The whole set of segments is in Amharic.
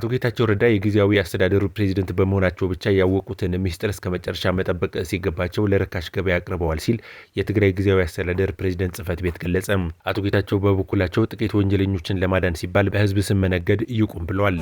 አቶ ጌታቸው ረዳ የጊዜያዊ አስተዳደሩ ፕሬዚደንት በመሆናቸው ብቻ ያወቁትን ሚስጥር እስከ መጨረሻ መጠበቅ ሲገባቸው ለርካሽ ገበያ አቅርበዋል ሲል የትግራይ ጊዜያዊ አስተዳደር ፕሬዚደንት ጽህፈት ቤት ገለጸ። አቶ ጌታቸው በበኩላቸው ጥቂት ወንጀለኞችን ለማዳን ሲባል በህዝብ ስም መነገድ ይቁም ብለዋል።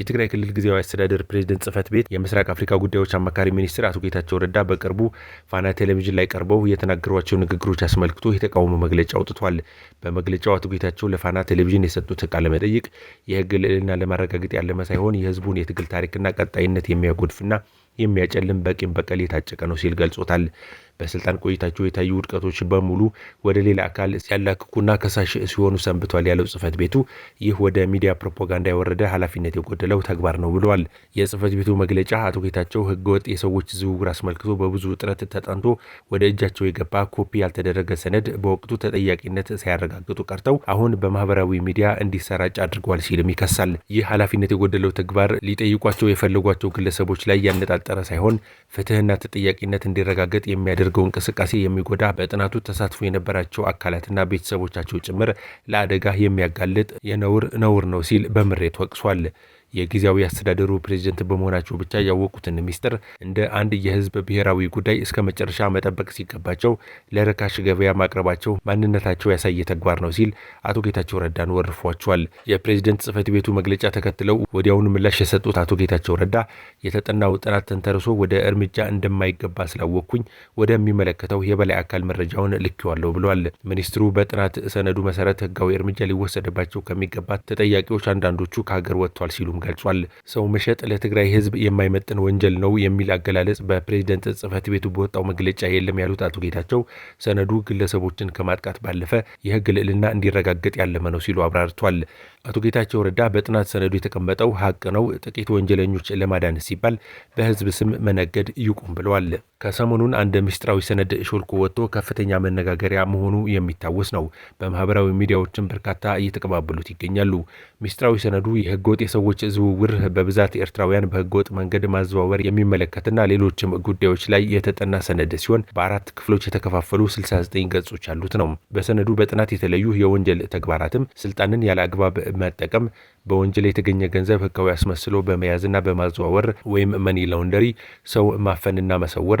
የትግራይ ክልል ጊዜያዊ አስተዳደር ፕሬዚደንት ጽህፈት ቤት የምስራቅ አፍሪካ ጉዳዮች አማካሪ ሚኒስትር አቶ ጌታቸው ረዳ በቅርቡ ፋና ቴሌቪዥን ላይ ቀርበው የተናገሯቸው ንግግሮች አስመልክቶ የተቃውሞ መግለጫ አውጥቷል። በመግለጫው አቶ ጌታቸው ለፋና ቴሌቪዥን የሰጡት ቃለ መጠይቅ የህግ ልዕልና ለማረጋገጥ ያለመ ሳይሆን የህዝቡን የትግል ታሪክና ቀጣይነት የሚያጎድፍና የሚያጨልም በቂም በቀል የታጨቀ ነው ሲል ገልጾታል። በስልጣን ቆይታቸው የታዩ ውድቀቶች በሙሉ ወደ ሌላ አካል ሲያላክኩና ከሳሽ ሲሆኑ ሰንብቷል ያለው ጽህፈት ቤቱ ይህ ወደ ሚዲያ ፕሮፓጋንዳ የወረደ ኃላፊነት የጎደለው ተግባር ነው ብለዋል። የጽህፈት ቤቱ መግለጫ አቶ ጌታቸው ህገወጥ የሰዎች ዝውውር አስመልክቶ በብዙ ጥረት ተጠንቶ ወደ እጃቸው የገባ ኮፒ ያልተደረገ ሰነድ በወቅቱ ተጠያቂነት ሳያረጋግጡ ቀርተው አሁን በማህበራዊ ሚዲያ እንዲሰራጭ አድርገዋል ሲልም ይከሳል። ይህ ኃላፊነት የጎደለው ተግባር ሊጠይቋቸው የፈለጓቸው ግለሰቦች ላይ ያነጣጠረ ሳይሆን ፍትህና ተጠያቂነት እንዲረጋገጥ የሚያደርግ የሚያደርገው እንቅስቃሴ የሚጎዳ በጥናቱ ተሳትፎ የነበራቸው አካላትና ቤተሰቦቻቸው ጭምር ለአደጋ የሚያጋልጥ የነውር ነውር ነው ሲል በምሬት ወቅሷል። የጊዜያዊ አስተዳደሩ ፕሬዝደንት በመሆናቸው ብቻ ያወቁትን ሚስጥር እንደ አንድ የህዝብ ብሔራዊ ጉዳይ እስከ መጨረሻ መጠበቅ ሲገባቸው ለርካሽ ገበያ ማቅረባቸው ማንነታቸው ያሳየ ተግባር ነው ሲል አቶ ጌታቸው ረዳን ወርፏቸዋል። የፕሬዝደንት ጽህፈት ቤቱ መግለጫ ተከትለው ወዲያውን ምላሽ የሰጡት አቶ ጌታቸው ረዳ የተጠናው ጥናት ተንተርሶ ወደ እርምጃ እንደማይገባ ስላወቅኩኝ ወደሚመለከተው የበላይ አካል መረጃውን ልኬዋለሁ ብለዋል። ሚኒስትሩ በጥናት ሰነዱ መሰረት ህጋዊ እርምጃ ሊወሰድባቸው ከሚገባ ተጠያቂዎች አንዳንዶቹ ከሀገር ወጥቷል ሲሉም ገልጿል። ሰው መሸጥ ለትግራይ ህዝብ የማይመጥን ወንጀል ነው የሚል አገላለጽ በፕሬዝደንት ጽህፈት ቤቱ በወጣው መግለጫ የለም ያሉት አቶ ጌታቸው ሰነዱ ግለሰቦችን ከማጥቃት ባለፈ የህግ ልዕልና እንዲረጋገጥ ያለመ ነው ሲሉ አብራርቷል። አቶ ጌታቸው ረዳ በጥናት ሰነዱ የተቀመጠው ሀቅ ነው፣ ጥቂት ወንጀለኞች ለማዳን ሲባል በህዝብ ስም መነገድ ይቁም ብለዋል። ከሰሞኑን አንድ ምስጢራዊ ሰነድ ሾልኮ ወጥቶ ከፍተኛ መነጋገሪያ መሆኑ የሚታወስ ነው። በማህበራዊ ሚዲያዎችም በርካታ እየተቀባበሉት ይገኛሉ። ምስጢራዊ ሰነዱ የህገወጥ የሰዎች ዝውውር በብዛት ኤርትራውያን በህገወጥ መንገድ ማዘዋወር የሚመለከትና ሌሎችም ጉዳዮች ላይ የተጠና ሰነድ ሲሆን በአራት ክፍሎች የተከፋፈሉ 69 ገጾች ያሉት ነው። በሰነዱ በጥናት የተለዩ የወንጀል ተግባራትም ስልጣንን ያለ አግባብ መጠቀም፣ በወንጀል የተገኘ ገንዘብ ህጋዊ አስመስሎ በመያዝና በማዘዋወር ወይም መኒ ላውንደሪ፣ ሰው ማፈንና መሰወር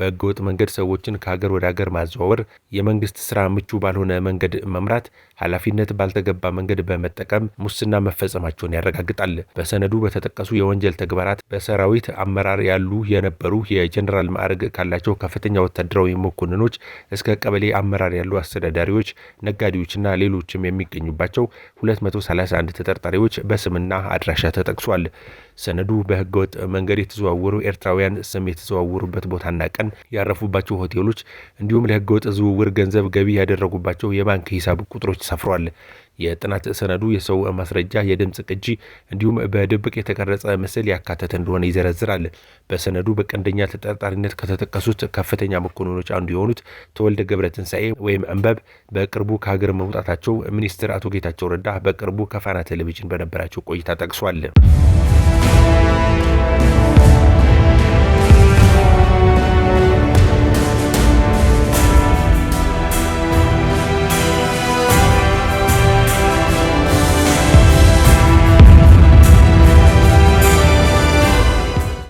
በህገወጥ መንገድ ሰዎችን ከሀገር ወደ ሀገር ማዘዋወር፣ የመንግስት ስራ ምቹ ባልሆነ መንገድ መምራት፣ ኃላፊነት ባልተገባ መንገድ በመጠቀም ሙስና መፈጸማቸውን ያረጋግጣል። በሰነዱ በተጠቀሱ የወንጀል ተግባራት በሰራዊት አመራር ያሉ የነበሩ የጀኔራል ማዕረግ ካላቸው ከፍተኛ ወታደራዊ መኮንኖች እስከ ቀበሌ አመራር ያሉ አስተዳዳሪዎች፣ ነጋዴዎችና ሌሎችም የሚገኙባቸው 231 ተጠርጣሪዎች በስምና አድራሻ ተጠቅሷል። ሰነዱ በህገወጥ መንገድ የተዘዋወሩ ኤርትራውያን ስም የተዘዋወሩበት ቦታና ቀን ምሁራን ያረፉባቸው ሆቴሎች እንዲሁም ለህገወጥ ዝውውር ገንዘብ ገቢ ያደረጉባቸው የባንክ ሂሳብ ቁጥሮች ሰፍሯል። የጥናት ሰነዱ የሰው ማስረጃ፣ የድምፅ ቅጂ እንዲሁም በድብቅ የተቀረጸ ምስል ያካተተ እንደሆነ ይዘረዝራል። በሰነዱ በቀንደኛ ተጠርጣሪነት ከተጠቀሱት ከፍተኛ መኮንኖች አንዱ የሆኑት ተወልደ ትንሣኤ ወይም እንበብ በቅርቡ ከሀገር መውጣታቸው ሚኒስትር አቶ ጌታቸው ረዳ በቅርቡ ከፋና ቴሌቪዥን በነበራቸው ቆይታ ጠቅሷል።